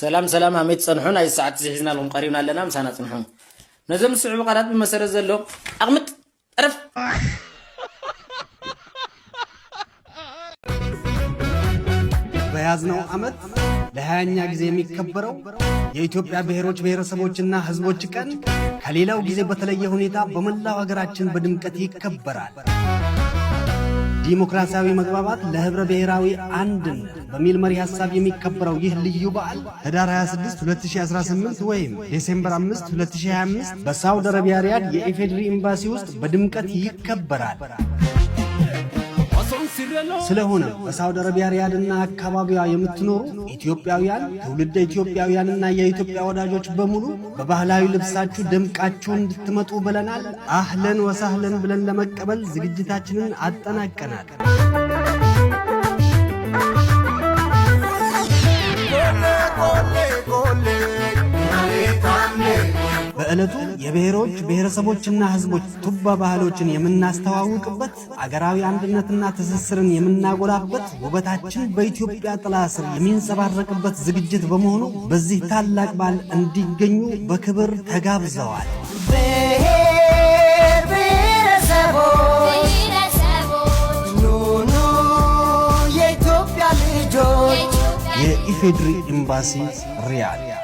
ሰላም ሰላም ኣመይ ትፀንሑን ናይ ሰዓት ዝሒዝና ኣለኹም ቀሪብና ኣለና ምሳና ፅንሑ ነዞም ዝስዕቡ ቃላት ብመሰረት ዘሎ ኣቕምጥ ጠረፍ በያዝነው ዓመት ለሀያኛ ጊዜ የሚከበረው የኢትዮጵያ ብሔሮች ብሔረሰቦችና ህዝቦች ቀን ከሌላው ጊዜ በተለየ ሁኔታ በመላው ሀገራችን በድምቀት ይከበራል። ዲሞክራሲያዊ መግባባት ለህብረ ብሔራዊ አንድን በሚል መሪ ሀሳብ የሚከበረው ይህ ልዩ በዓል ህዳር 26 2018 ወይም ዴሴምበር 5 2025 በሳውዲ አረቢያ ሪያድ የኢፌዴሪ ኤምባሲ ውስጥ በድምቀት ይከበራል። ስለሆነ በሳውዲ አረቢያ ሪያድና አካባቢዋ የምትኖሩ ኢትዮጵያውያን፣ ትውልደ ኢትዮጵያውያንና የኢትዮጵያ ወዳጆች በሙሉ በባህላዊ ልብሳችሁ ደምቃችሁ እንድትመጡ ብለናል። አህለን ወሳህለን ብለን ለመቀበል ዝግጅታችንን አጠናቀናል። በዕለቱ የብሔሮች ብሔረሰቦችና ሕዝቦች ቱባ ባህሎችን የምናስተዋውቅበት አገራዊ አንድነትና ትስስርን የምናጎላበት ውበታችን በኢትዮጵያ ጥላ ስር የሚንጸባረቅበት ዝግጅት በመሆኑ በዚህ ታላቅ በዓል እንዲገኙ በክብር ተጋብዘዋል። የኢፌድሪ ኤምባሲ ሪያድ